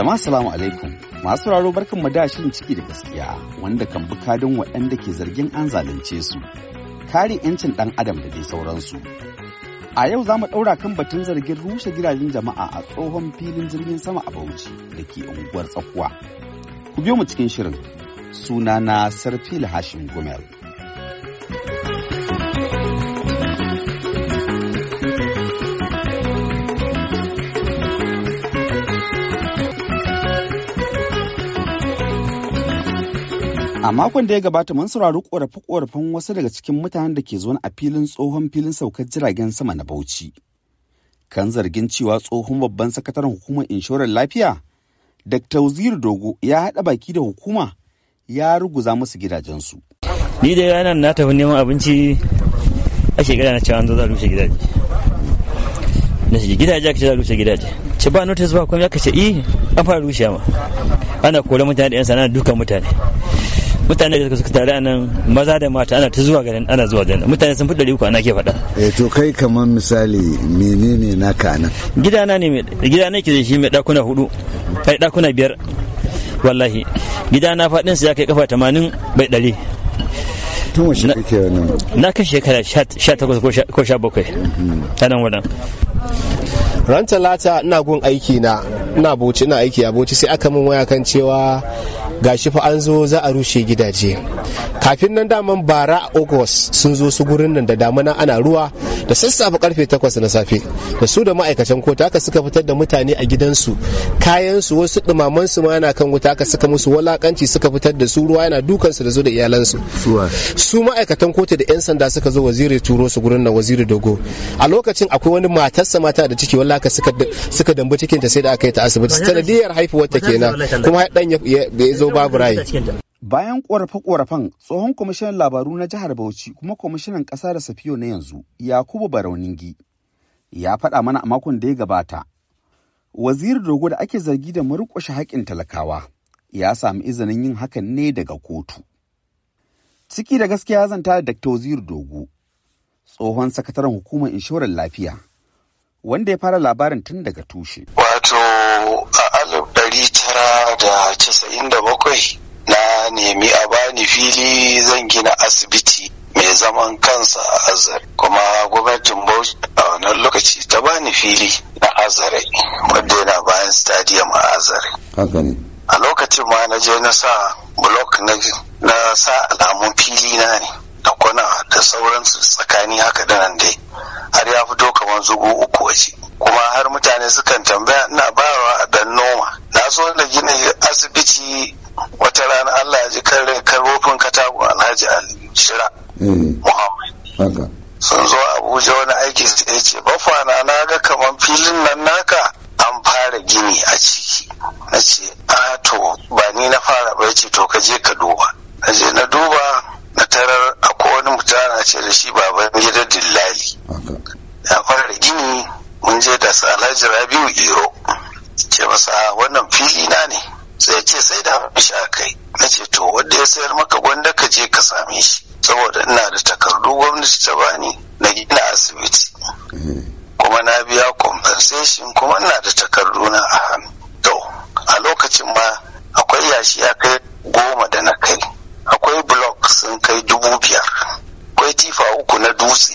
Jama'a salamu alaikum masu sauraro barkan mu da shirin ciki da gaskiya wanda kan buka kadin waɗanda ke zargin an zalunce su kare 'yancin ɗan adam da dai sauransu. A yau za mu ɗaura kan batun zargin rushe gidajen jama'a a tsohon filin jirgin sama a Bauchi da ke unguwar Tsakuwa. Ku biyo mu cikin shirin sunana Sarfil Hashim Gumel. A makon da ya gabata mun saurari korafe-korafen wasu daga cikin mutanen da ke zuwa a filin tsohon filin saukar jiragen sama na Bauchi. Kan zargin cewa tsohon babban sakataren hukumar inshorar lafiya, Dr. Uziru Dogo ya haɗa baki da hukuma ya ruguza musu gidajensu. Ni da yanar na tafi neman abinci ake gada na cewa an zo za a rushe gidaje. Na shi gidaje aka ce za a rushe gidaje. Ci ba notice ba kuma aka ce i eh, an fara rushe ma. Ana kore mutane da 'yan sana'a dukkan mutane. mutane da suka tare nan maza da mata ana ta zuwa garin ana zuwa garin mutane sun fi ɗari uku ana ke faɗa. eh to kai kamar misali menene naka nan. gidana ne gidana ke da shi mai ɗakuna hudu kai ɗakuna biyar wallahi gidana faɗin sa ya kai kafa tamanin bai ɗari. tun na kan shekara 18 ko 17 mm-hmm. ta nan wadan ran talata ina gun aiki na ina boci ina aiki a boci sai aka min waya kan cewa gashi fa an zo za a rushe gidaje kafin nan daman bara august sun zo su gurin nan da damuna ana ruwa da sassafe karfe 8 na safe da su da ma'aikatan kota haka suka fitar da mutane a gidansu kayansu wasu dumaman su ma yana kan wuta aka suka musu walakanci suka fitar da su ruwa yana dukan su da zo da iyalansu su ma'aikatan kota da yan sanda suka zo waziri turo su gurin nan waziri dogo a lokacin akwai wani matarsa mata da ciki wallaka suka suka cikin cikinta sai da aka yi ta asibiti sanadiyar haifuwar ta kenan kuma dan ya zo babu rayi. Bayan ƙorafe-ƙorafen tsohon kwamishinan labaru na jihar Bauchi kuma kwamishinan ƙasa da Safiyo na yanzu Yakubu Barauningi ya faɗa mana a makon da ya gabata. Wazir Dogo da ake zargi da murƙushe haƙƙin talakawa ya sami izinin yin hakan ne daga kotu. Ciki da gaskiya zanta da Dr. Wazir Dogo, tsohon sakataren hukumar inshorar lafiya, wanda ya fara labarin tun daga tushe. Wato ɗari tara da casa'in da bakwai na nemi a bani fili zan gina asibiti mai zaman kansa a azare kuma gwamnatin bauchi a wannan lokaci ta bani fili na azare wadda yana bayan stadium a azare a lokacin ma na je na sa blok na sa alamun fili na ne da kwana da sauransu tsakani haka da nan dai har ya fito kamar zugu uku waje kuma har mutane sukan tambaya ina bawa a dan noma na so na gina asibiti wata rana Allah ya ji karin karofin katakon Alhaji Ali Shira hmm. Muhammad sun zo Abuja wani aiki su ya ce bafa na ga kaman filin nan naka an fara gini a ciki na ce a to ba ni na fara ba ce to ka je ka duba na je na duba na tarar akwai wani mutane a ce da shi baban gidan dillali ya fara gini mun je da Alhaji Rabiu Iro sayar maka gwanda ka je ka same shi saboda ina da takardu gwamnati ta bani na gina asibiti kuma na biya compensation kuma ina da takardu na a hannu to a lokacin ma akwai yashi ya kai goma da na kai akwai block sun kai dubu biyar akwai tifa uku na dutse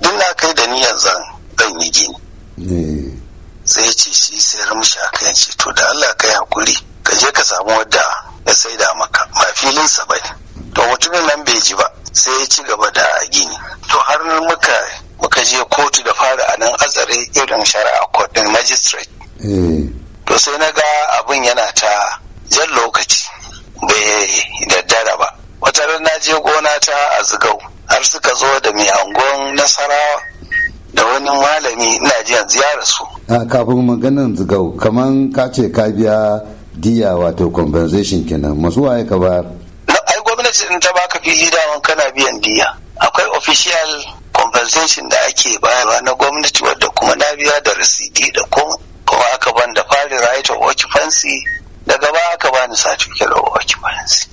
duk na kai da niyan zan zan yi gini eh. sai ce shi sayar mishi a kan shi to da Allah kai hakuri ka je ka samu wadda sai da maka ba filinsa ba ne to mutumin nan bai ji ba sai ya ci gaba da gini to har muka muka je kotu da fara a nan azare irin shari'a kodin magistrate hmm. to sai na ga abin yana ta jan lokaci bai daddara ba wata na je gona ta a zigau har suka zo da mai angon nasara da wani malami ina ji yanzu ya rasu ah, kafin maganar zigau kamar ka ce ka biya diya wato compensation kenan masu waye ka ba ai gwamnati in ta baka fili daman kana biyan diya akwai official compensation da ake bayarwa na gwamnati wadda kuma na biya da risidi da kuma kuma aka ban da fari right of occupancy daga ba aka bani certificate of occupancy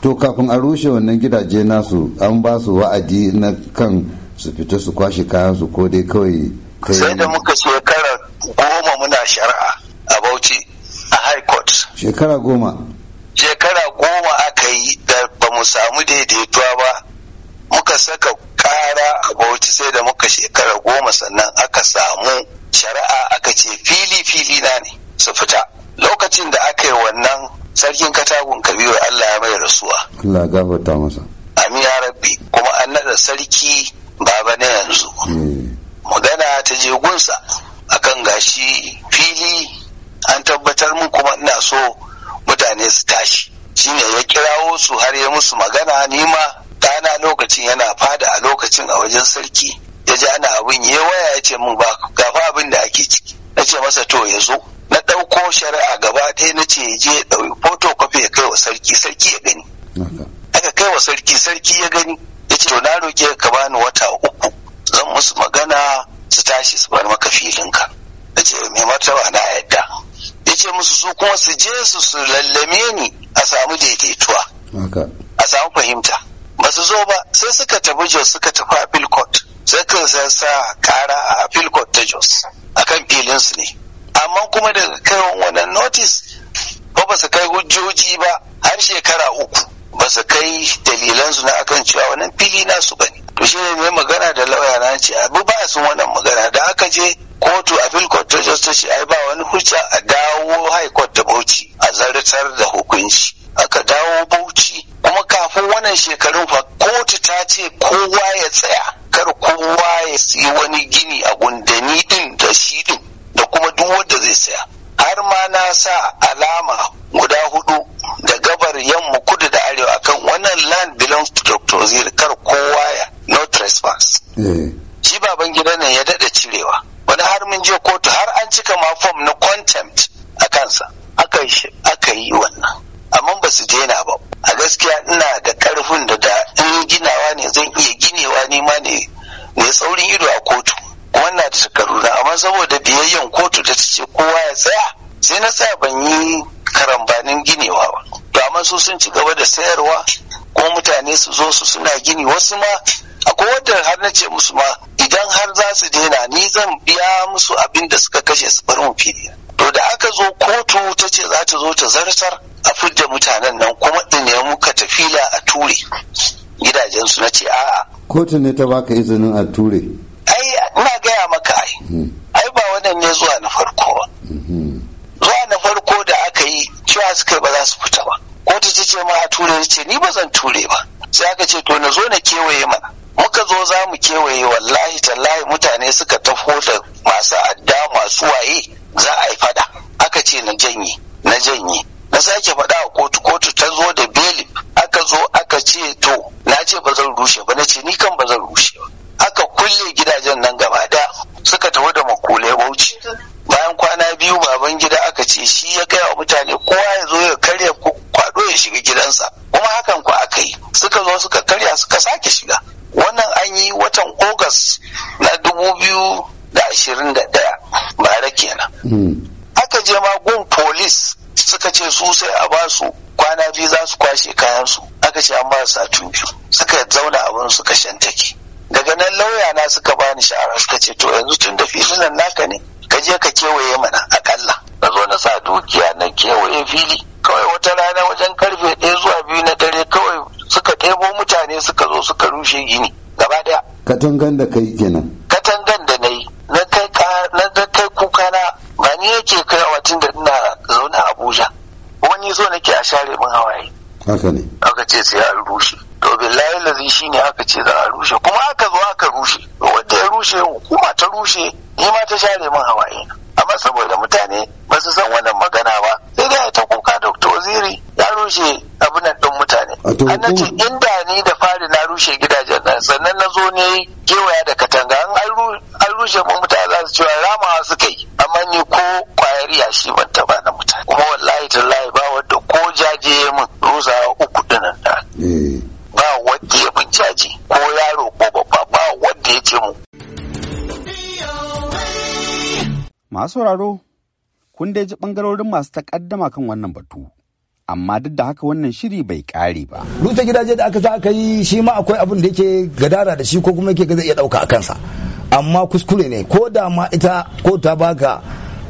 to kafin a rushe wannan gidaje nasu an ba su wa'adi na kan su fita su kwashe kayan su ko dai kawai sai da muka shekara goma muna shari'a a bauchi shekara goma shekara goma aka yi da ba mu samu daidaituwa ba muka saka kara a bauchi sai da muka shekara goma sannan aka samu shari'a aka ce fili fili na ne su fita lokacin da aka yi wannan sarkin katakon kabiru allah ya mai rasuwa allah gafarta masa amin ya rabbi kuma an naɗa sarki baba na yanzu eh. magana ta je gunsa akan gashi fili an tabbatar mun kuma so mutane su tashi shine ya kirawo su har ya musu magana nima na lokacin yana fada a lokacin a wajen sarki ya ji ana abin ya waya ya ce min ba gafa abin da ake ciki na ce masa to ya zo na ɗauko shari'a gaba ɗaya na ce je ɗauki photocopy ya kai wa sarki sarki ya gani aka kai wa sarki sarki ya gani ya ce to na roƙe ka bani wata uku zan musu magana su tashi su bar maka filinka na ce mai martaba na yadda yace ce musu su kuma su je su su lallame ni a samu daidaituwa a samu fahimta ba su zo ba sai suka tafi jos suka tafi appeal court ka sa kara a appeal ta jos akan filinsu ne amma kuma daga kaiwan wannan notice ba ba su kai hujjoji ba har shekara uku ba su kai dalilansu na akan cewa wannan fili nasu bane to shi ne magana da lauya na ce abu ba sun wannan magana da aka je kotu a court ta ta ce ai ba wani hujja a dawo high court da bauchi a zartar da hukunci aka dawo bauchi kuma kafin wannan shekarun fa kotu ta ce kowa ya tsaya su daina ba a gaskiya ina da karfin da da in ginawa ne zan iya ginewa ne ma ne ne saurin ido a kotu wannan da shekaru na amma saboda biyayyen kotu da ta ce kowa ya tsaya sai na sa ban yi karambanin ginewa ba to amma su sun ci gaba da sayarwa ko mutane su zo su suna gini wasu ma akwai wadda har na ce musu ma idan har za su daina ni zan biya musu abin da suka kashe su bar mu fili to da aka zo kotu ta ce za ta zo ta zartar a fidda mutanen nan kuma da ne muka tafila a ture gidajensu na ce a'a kotun ne ta baka izinin a ture ai ina gaya maka ai hmm. ai ba wannan ne zuwa na farko ba hmm. zuwa na farko da aka yi cewa suka ba za su fita ba kotu ta ce ma a ture ce ni ba zan ture ba sai aka ce to na zo na kewaye mana muka zo za mu kewaye wallahi tallahi mutane suka tafo da masu adda masu waye za a yi fada aka ce na janye na janye na sake faɗa a kotu kotu ta zo da belif aka zo aka ce to na ce ba zan rushe ba na ce ni kan ba zan rushe ba aka sai a ba su kwana biyu za su kwashe kayan su aka ce an ba su satu biyu suka zauna abin suka shantake daga nan lauya na suka bani shara suka ce to yanzu tun da filin naka ne ka je ka kewaye mana akalla na zo na sa dukiya na kewaye fili kawai wata rana wajen karfe ɗaya zuwa biyu na dare kawai suka ɗebo mutane suka zo suka rushe gini gaba ɗaya katangan da kai kenan share mun hawaye haka ne aka ce sai a rushe to billahi lazi shine aka ce za a rushe kuma aka zo aka rushe wanda ya rushe hukuma ta rushe ni ma ta share mun hawaye amma saboda mutane ba su san wannan magana ba sai dai ta kuka dr waziri ya rushe nan din mutane an ce inda ni da fari na rushe gidajen nan sannan na zo ne kewaya da katanga an rushe mun mutane za su cewa ramawa suka yi amma ni ko kwayar shi ban taba na mutane kuma wallahi tallahi jaje min roza uku dinan da eh. ba wanda ya min jaje ko yaro ko babba ba wanda ya ce mu masu sauraro kun dai ji bangarorin masu takaddama kan wannan batu amma duk da haka wannan shiri bai kare ba. Rufe gidaje da aka za aka yi shi ma akwai abin da yake gadara da shi ko kuma yake zai iya dauka a kansa. Amma kuskure ne ko da ma ita ko ta baka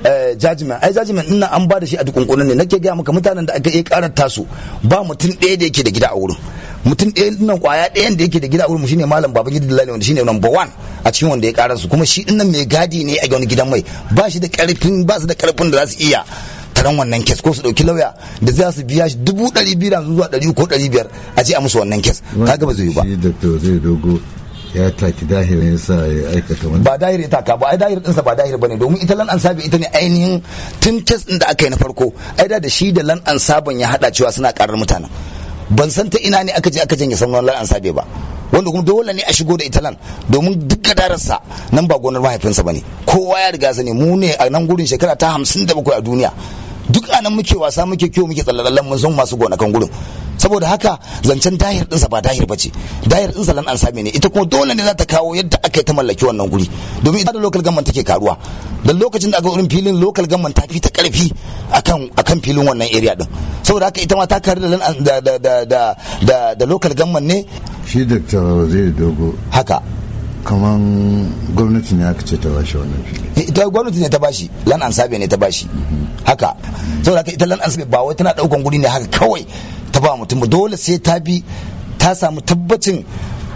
Eh, judgment ai judgment ina an ba da shi a dukunkunan ne nake gaya maka mutanen da aka yi karar tasu ba mutum ɗaya da yake da gida a wurin mutum ɗaya nan kwaya ɗaya da yake da gida a wurin shine malam baba gida dalali wanda shine number one a cikin wanda ya karar su kuma shi dinnan mai gadi ne a wani gidan mai ba shi da karfin ba su da karfin da za su iya taron wannan kes ko su dauki lauya da za su biya shi dubu ɗari biyu zuwa ɗari ko ɗari biyar a ce a musu wannan kes kaga ba zai yi ba ya taki dahirin yasa ya aikata wani ba dahir ita ka ba ai dahir ɗinsa ba dahir bane domin ita lan ansabi ita ne ainihin tun tes ɗin da aka yi na farko ai da shi da lan ansaban ya haɗa cewa suna karar mutanen ban san ta ina ne aka je aka janye sanuwar lan ansabe ba wanda kuma dole ne a shigo da italan domin duk gadararsa nan ba gonar mahaifinsa ba ne kowa ya riga sani mu ne a nan gurin shekara ta hamsin da bakwai a duniya duk anan muke wasa muke kiwo muke tsallalallan mun san masu gonakan gurin saboda haka zancen dahir ɗinsa ba dahir ba ce dahir ɗinsa lan an same ne ita kuma dole ne za ta kawo yadda aka yi ta mallaki wannan guri domin ita da local government take karuwa dan lokacin da aka wurin filin local government ta fi ta karfi akan akan filin wannan area din saboda haka ita ma ta karu da da da da da, local government ne shi dr waziri dogo haka kaman gwamnati ne aka ce ta bashi wannan fili eh, ita gwamnati ne ta bashi lan an sabe ne ta bashi mhm. haka saboda haka ita lan sabe ba wai tana daukan guri ne haka kawai ta ba mutum ba dole sai ta bi ta samu tabbacin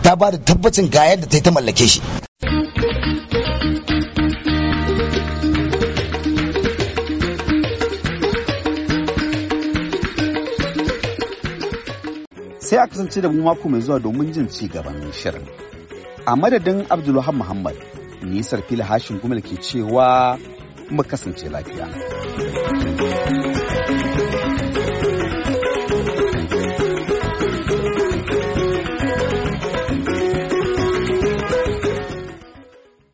ta ba da tabbacin ga yadda ta yi ta mallake shi sai a kasance da mu mako mai zuwa domin jin ci gaban shirin a madadin abdulwahab muhammad nisar fili hashin gumal ke cewa mu kasance lafiya